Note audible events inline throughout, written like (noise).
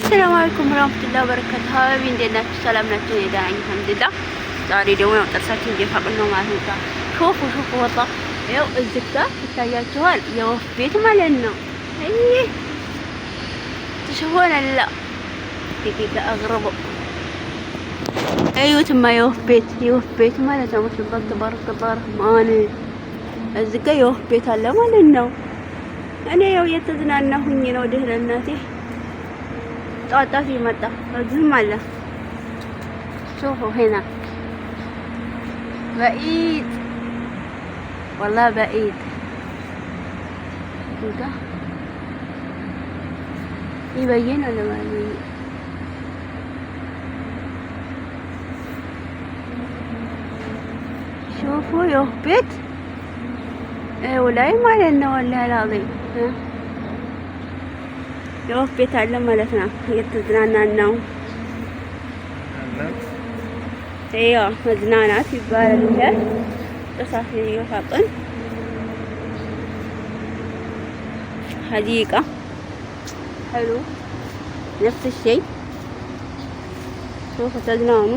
አሰላሙ አለይኩም ወራህመቱላሂ ወበረካቱ። ሀቢቢ እንዴት ናችሁ? ሰላም ናችሁ? እኔ ደህና ነኝ አልሐምዱሊላህ። ዛሬ ደግሞ ያው ጥርሳችን እየፋቅን ነው ማለት ነው። ሾፉ ሾፉ ወጣ ያው እዚህ ጋር ይታያችኋል የወፍ ቤት ማለት ነው። አይ ተሽሆነ ላ ዲቂቃ እዩትማ የወፍ ቤት የወፍ ቤት ማለት ነው። ተባረክ ተባረክ ተባረክ እዚህ ጋር የወፍ ቤት አለ ማለት ነው። እኔ ያው የተዝናናሁኝ ነው ደህና الطاطا في هذه الجملة شوفوا هنا بعيد والله بعيد كده يبين ولا ما يبين شوفوا يهبط ايه ولا يمال انه والله العظيم ها የወፍ ቤት አለ ማለት ነው። እየተዝናናን ነው። ይኸው መዝናናት ይባላል። እንደ ጥሳት ይወፋቅን ሀዲቃ ሐሉ ነፍስ الشيء ተዝናኑ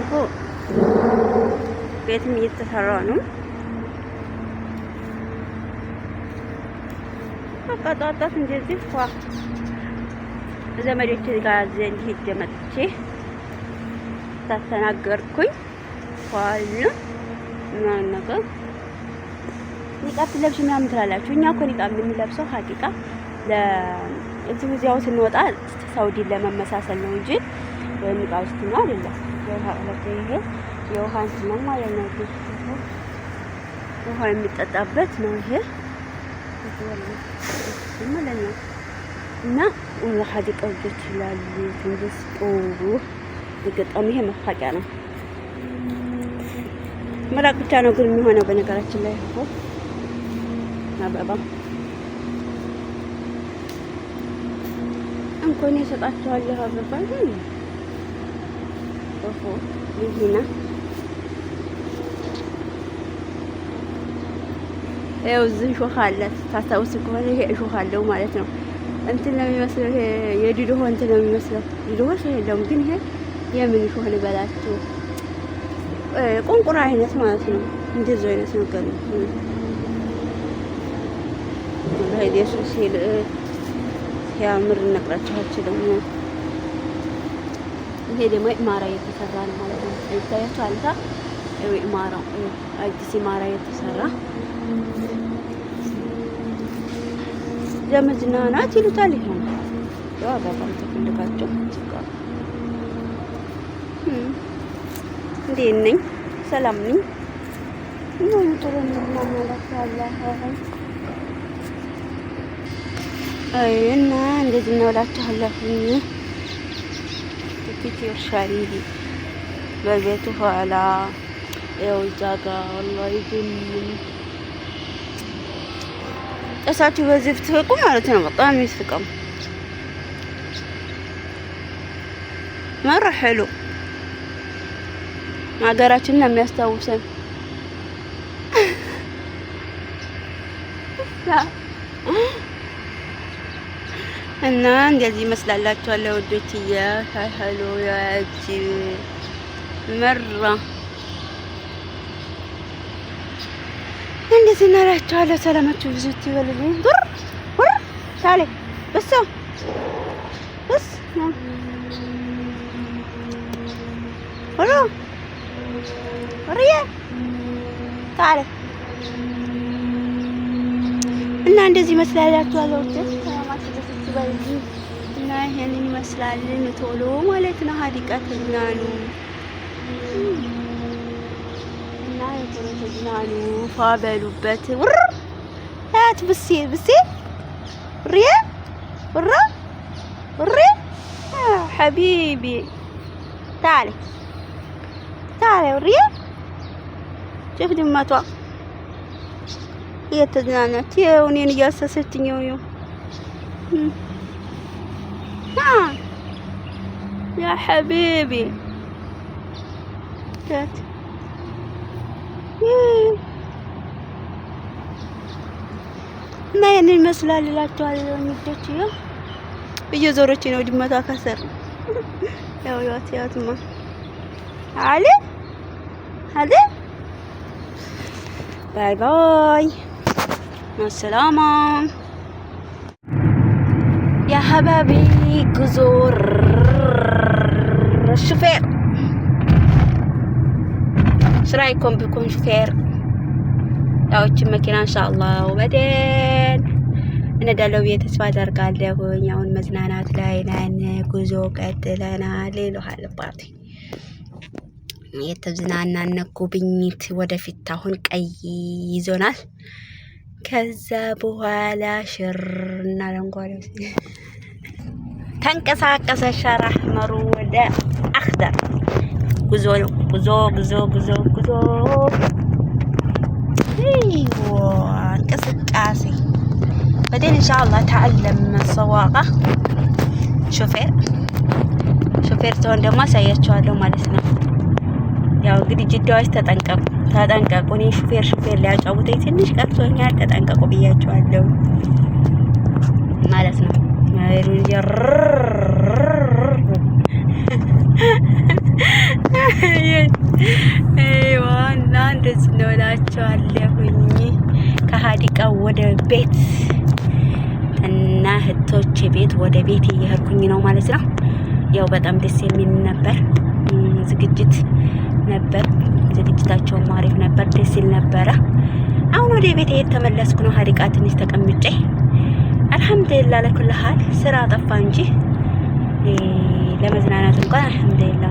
እኮ ቤትም እየተሰራ ነው። በቃ ወጣት እንደዚህ ፏ ዘመዶች ጋር ዘንድ ሄጄ መጥቼ ኒቃብ ትለብሽ ምናምን ትላላችሁ። እኛ እኮ ኒቃብ የምንለብሰው ሀቂቃ ስንወጣ ሳውዲን ለመመሳሰል ነው እንጂ ኒቃብ ውስጥ ነው አይደለም። የውሃ ይሄ የውሃ እንትን ነው ማለት ነው። ውሃ የሚጠጣበት ነው ይሄ ማለት ነው። እና ውሃ ሊቀዱ ይችላሉ። ትንስ ጦሩ የገጠሙ ይሄ መፋቂያ ነው። መላቅ ብቻ ነው ግን የሚሆነው በነገራችን ላይ እኮ አበባ እንኳን እሰጣቸዋለሁ አበባ ግን ኦሆ ይሄና ያው እዚህ እሾህ አለ ታስታውስ ከሆነ ይሄ እሾህ አለው ማለት ነው። እንትን ነው የሚመስለው ይሄ የድድሆ እንትን ነው የሚመስለው ድድሆ የለውም ግን ይሄ የምን እሾህ ልበላችሁ ቁንቁራ አይነት ማለት ነው። እንደዚህ አይነት ነገር ነው። ወላሂ ሲል ሲያምር ነቅራችሁ አችልም። ይሄ ደግሞ ኢማራ የተሰራ ነው ማለት ነው። ይታያችሁ አልታ ይሄ አዲስ ኢማራ የተሰራ ለመዝናናት ይሉታል። ይሆን ያው አባባም ተፈልጋቸው ተቃው እንዴት ነኝ? ሰላም ነኝ። ምን ጥሩ ነው ማለት አላህ እና እንደዚህ ነው እላችኋለሁ። ይርሻል በቤቱ ኋላ ያው እዛ ጋ ወላሂ ግን ጥርሳችሁ በዚህ ብትፍቁ ማለት ነው። በጣም ይፍቀም መራ ሐሉ ሀገራችንን የሚያስታውሰን እና እንደዚህ ይመስላላችኋል ውዶችዬ። ሐሉ ያቺ መራ እንደዚህ እናላችኋለሁ። ሰላማችሁ ብዙ ይበልልኝ። ቡር ቡር ሳሌ እሱ እስ ወሮ ወሪያ ሳሌ እና እንደዚህ መስላላችኋለሁ። ሰላማችሁ ብዙ ይበልልኝ እና ይሄንን ይመስላልን ቶሎ ማለት ነው ሀዲቀተኛ ነው። ناي فابل وبات ور هات بسي بسي ريا ورا ري حبيبي تعالي تعالي وريا شوف دي ماتوا هي تدنانا تي ونين يا ساستني يو ها يا حبيبي تعالي ምን ይመስላል እላችኋል። የሚደች ይኸው እየዞረች ነው። ድመቷ ከሰር ያው ያት ያትማ አለ አለ። ባይ ባይ ማሰላማ የሀባቢ ጉዞ ሹፌር ስራ አይኮን ብኩም ሹፌር ያዎችን መኪና ኢንሻአላህ ወበደን እነዳለሁ ብዬ ተስፋ አደርጋለሁኝ። አሁን መዝናናት ላይ ነን። ጉዞ ቀጥለናል። ሌሎሃል ፓርቲ የተዝናናነ ጉብኝት ወደፊት አሁን ቀይ ይዞናል። ከዛ በኋላ ሽርና ለንጓለ ተንቀሳቀሰ ሸራ መሩ ወደ አክደር ጉዞ ነው። ጉዞ ጉዞ ጉዞ ጉዞ እንቅስቃሴ بعدين ان شاء الله اتعلم السواقه ሾፌር ደግሞ አሳያቸዋለሁ ማለት ነው። ያው እንግዲህ ጅዳዎች ተጠንቀቁ ተጠንቀቁ። እኔ ሹፌር ሹፌር ሊያጫውተኝ ትንሽ ቀርቶኛል። ተጠንቀቁ ብያቸዋለሁ ማለት ነው። ዋና እንደዚህ ነው ከሀዲቃ ወደ ቤት እና እህቶች ቤት ወደ ቤት እየሄድኩኝ ነው ማለት ነው። ያው በጣም ደስ የሚል ነበር ዝግጅት ነበር። ዝግጅታቸውም አሪፍ ነበር፣ ደስ ይል ነበረ። አሁን ወደ ቤት እየተመለስኩ ነው። ሀዲቃ ትንሽ ተቀምጬ አልሐምዱሊላህ ለኩል ሀል ስራ ጠፋ እንጂ ለመዝናናት እንኳን አልሐምዱሊላህ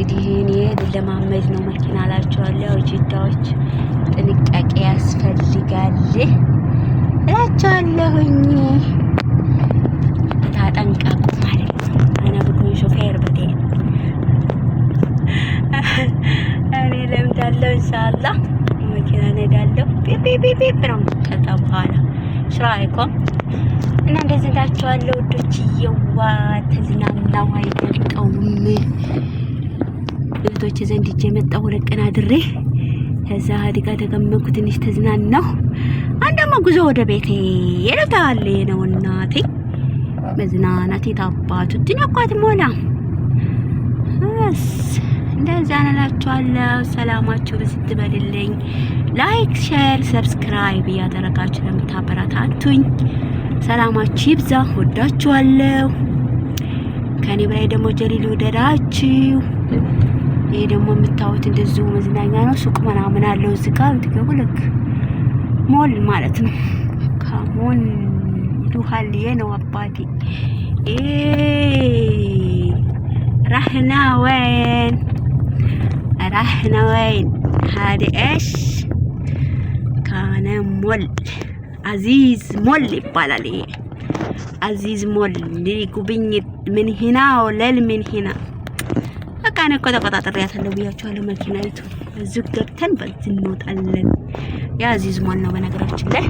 እንግዲህ እኔ ለማመድ ነው መኪና እላቸዋለሁ። ጅዳዎች ጥንቃቄ ያስፈልጋል እላቸዋለሁኝ። ታጠንቀቁ ማለት ነው። አነ ብኩኝ ሾፌር በቴ እኔ ለምዳለሁ። እንሻላ መኪና ነዳለሁ። ቤቤቤቤብ ነው ከጣ በኋላ ሽራይኮም እና እንደዚህ እላቸዋለሁ። ውዶች እየዋ ተዝናናው አይደቀውም እህቶች ዘንድ ሂጄ መጣሁ። ሁለት ቀን አድሬ ከዛ አዲጋ ተገመኩ ትንሽ ተዝናናሁ። አንደሞ ጉዞ ወደ ቤቴ የለታለ ነው እናቴ መዝናናቴ ታባቱ ድን ያኳት ሞላ እንደዛ ነላችኋለሁ። ሰላማችሁ ብዝት ላይክ፣ ሼር፣ ሰብስክራይብ እያደረጋችሁ ለምታበረታቱኝ ሰላማችሁ ይብዛ። ወዳችኋለሁ። ከኔ በላይ ደግሞ ጀሊል ወደዳችሁ ይሄ ደግሞ የምታዩት እንደዚሁ መዝናኛ ነው። ሱቅ ምናምን አለው እዚህ ጋር ብትገቡ ልክ ሞል ማለት ነው። ካሞን ዱሃል ይሉሃል ነው አባቴ ራህና ወይን ራህና ወይን ሀደ እሽ ካነ ሞል አዚዝ ሞል ይባላል። ይሄ አዚዝ ሞል ጉብኝት ምን ሂና ወለል ምን ሂና በቃ እኔ እኮ ተቆጣጥሬያታለሁ ብያቸዋለሁ። መኪናይቱ እዚህ ገብተን በዚህ እንወጣለን። ያ አዚዝ ሞል ነው በነገራችን ላይ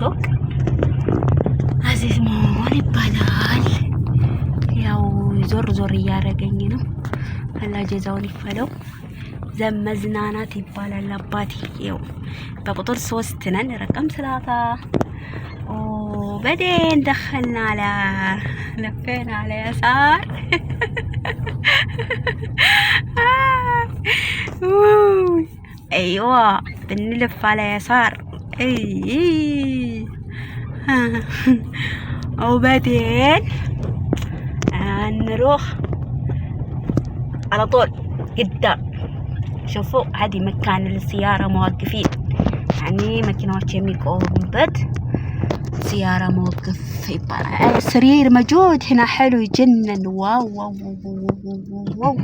ሱቅ አዚዝ ሞል ይባላል። ያው ዞር ዞር እያደረገኝ ነው። ጀዛውን ይፈለው ዘመዝናናት ይባላል። አባቴ ያው በቁጥር ሶስት ነን። ረቀም ስላታ وبعدين دخلنا على لفينا على يسار ايوه بنلف على يسار اي وبعدين نروح على طول قدام شوفوا هذه مكان السيارة موقفين يعني مكان جميك كومبت سيارة موقف سرير موجود هنا حلو يجنن واو واو واو واو, واو.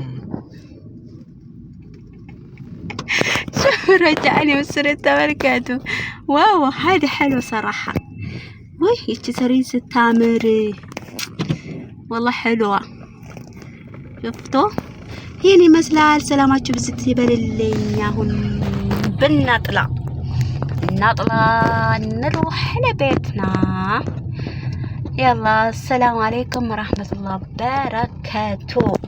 (laughs) شوفوا رجعني مسر التبركاته واو هذا حلو صراحة ويه التسريس التامري والله حلوة شفتوا هيني مسلال سلاماتكم بزت يبل اللي ياهم بنطلع نطلع نروح لبيتنا يلا السلام عليكم ورحمة الله وبركاته